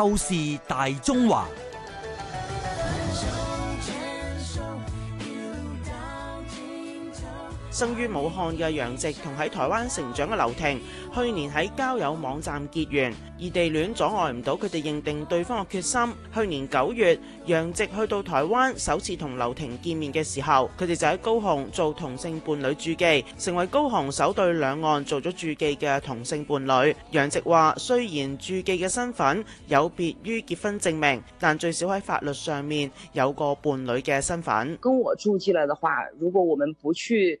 透視大中華。生於武漢嘅楊植同喺台灣成長嘅劉婷，去年喺交友網站結緣，異地戀阻礙唔到佢哋認定對方嘅決心。去年九月，楊植去到台灣首次同劉婷見面嘅時候，佢哋就喺高雄做同性伴侶註記，成為高雄首對兩岸做咗註記嘅同性伴侶。楊植話：雖然註記嘅身份有別於結婚證明，但最少喺法律上面有個伴侶嘅身份。跟我註記了嘅話，如果我們不去。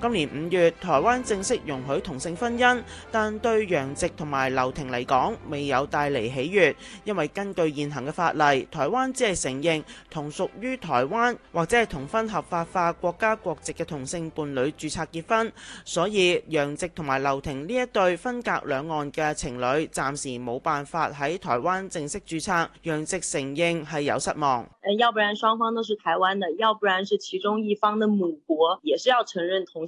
今年五月，台灣正式容許同性婚姻，但對楊直同埋劉庭嚟講，未有帶嚟喜悅，因為根據現行嘅法例，台灣只係承認同屬於台灣或者係同婚合法化國家國籍嘅同性伴侶註冊結婚，所以楊直同埋劉庭呢一對分隔兩岸嘅情侶，暫時冇辦法喺台灣正式註冊。楊直承認係有失望。要不然雙方都是台灣的，要不然是其中一方的母國，也是要承認同性。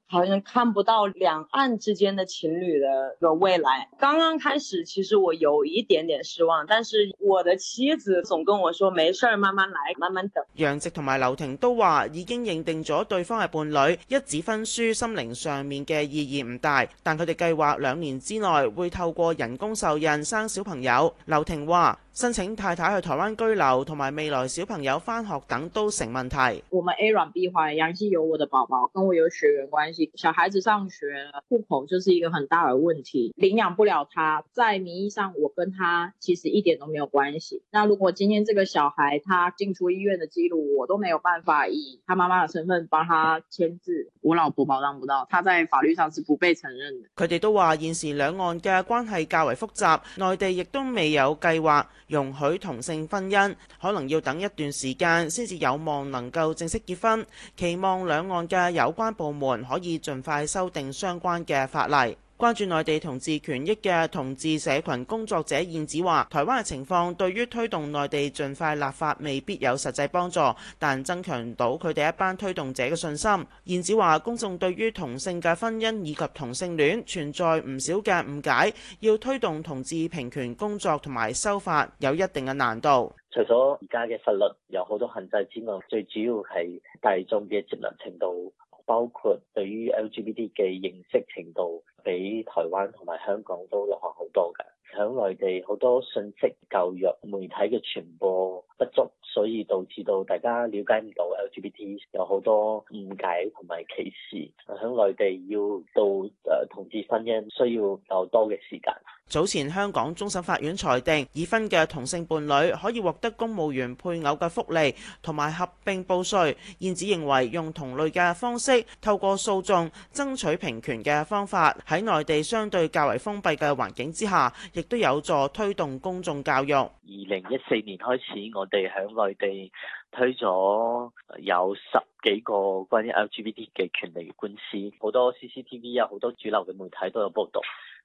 好像看不到兩岸之間的情侶的未來。剛剛開始，其實我有一點點失望，但是我的妻子總跟我說沒事慢慢來，慢慢等。楊植同埋劉婷都話已經認定咗對方係伴侶，一紙婚書，心靈上面嘅意義唔大。但佢哋計劃兩年之內會透過人工受孕生小朋友。劉婷話申請太太去台灣居留同埋未來小朋友返學等都成問題。我們 A 卵 B 懷，楊植有我的寶寶，跟我有血緣關係。小孩子上學，戶口就是一個很大的問題。領養不了他，在名義上我跟他其實一點都沒有關係。那如果今天這個小孩他進出醫院的記錄，我都沒有辦法以他媽媽的身份幫他簽字。我老婆保障不到，他在法律上是不被承認的。佢哋都話，現時兩岸嘅關係較為複雜，內地亦都未有計劃容許同性婚姻，可能要等一段時間先至有望能夠正式結婚。期望兩岸嘅有關部門可以，以盡快修訂相關嘅法例。關注內地同志權益嘅同志社群工作者燕子話：台灣嘅情況對於推動內地盡快立法未必有實際幫助，但增強到佢哋一班推動者嘅信心。燕子話：公眾對於同性嘅婚姻以及同性戀存在唔少嘅誤解，要推動同志平權工作同埋修法有一定嘅難度。除咗而家嘅法律有好多限制之外，最主要係大眾嘅接納程度。包括對於 LGBT 嘅認識程度，比台灣同埋香港都落後好多嘅。喺內地好多信息較弱，媒體嘅傳播不足，所以導致到大家瞭解唔到 LGBT，有好多誤解同埋歧視。喺內地要到誒同志婚姻需要較多嘅時間。早前香港終審法院裁定，已婚嘅同性伴侶可以獲得公務員配偶嘅福利同埋合併報稅。燕子認為用同類嘅方式，透過訴訟爭取平權嘅方法，喺內地相對較為封閉嘅環境之下，亦都有助推動公眾教育。二零一四年開始，我哋響內地推咗有十幾個關於 LGBT 嘅權利嘅官司，好多 CCTV 啊，好多主流嘅媒體都有報道。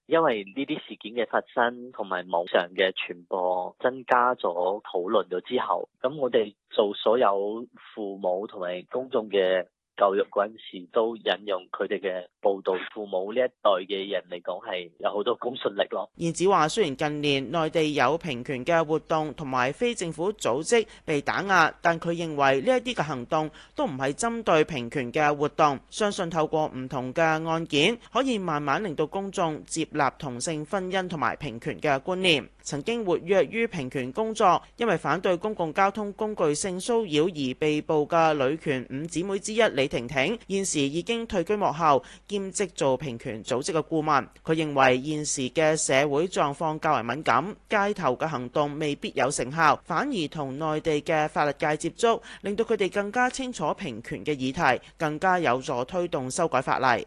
因為呢啲事件嘅發生同埋網上嘅傳播增加咗討論咗之後，咁我哋做所有父母同埋公眾嘅教育嗰陣時都引用佢哋嘅報導，父母呢一代嘅人嚟講係有好多公信力咯。燕子話：雖然近年內地有平權嘅活動同埋非政府組織被打壓，但佢認為呢一啲嘅行動都唔係針對平權嘅活動。相信透過唔同嘅案件，可以慢慢令到公眾接納同性婚姻同埋平權嘅觀念。曾經活躍於平權工作，因為反對公共交通工具性騷擾而被捕嘅女權五姊妹之一李婷婷現時已經退居幕後，兼職做平權組織嘅顧問。佢認為現時嘅社會狀況較為敏感，街頭嘅行動未必有成效，反而同內地嘅法律界接觸，令到佢哋更加清楚平權嘅議題，更加有助推動修改法例。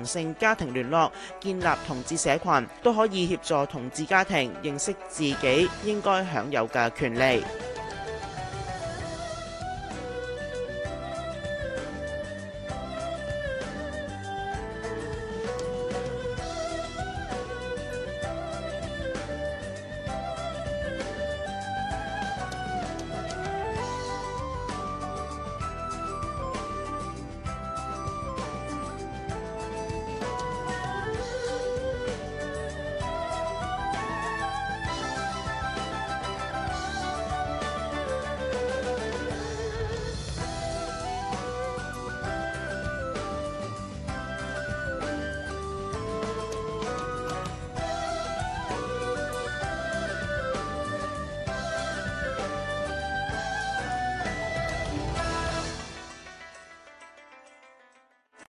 同性家庭聯絡，建立同志社群，都可以協助同志家庭認識自己應該享有嘅權利。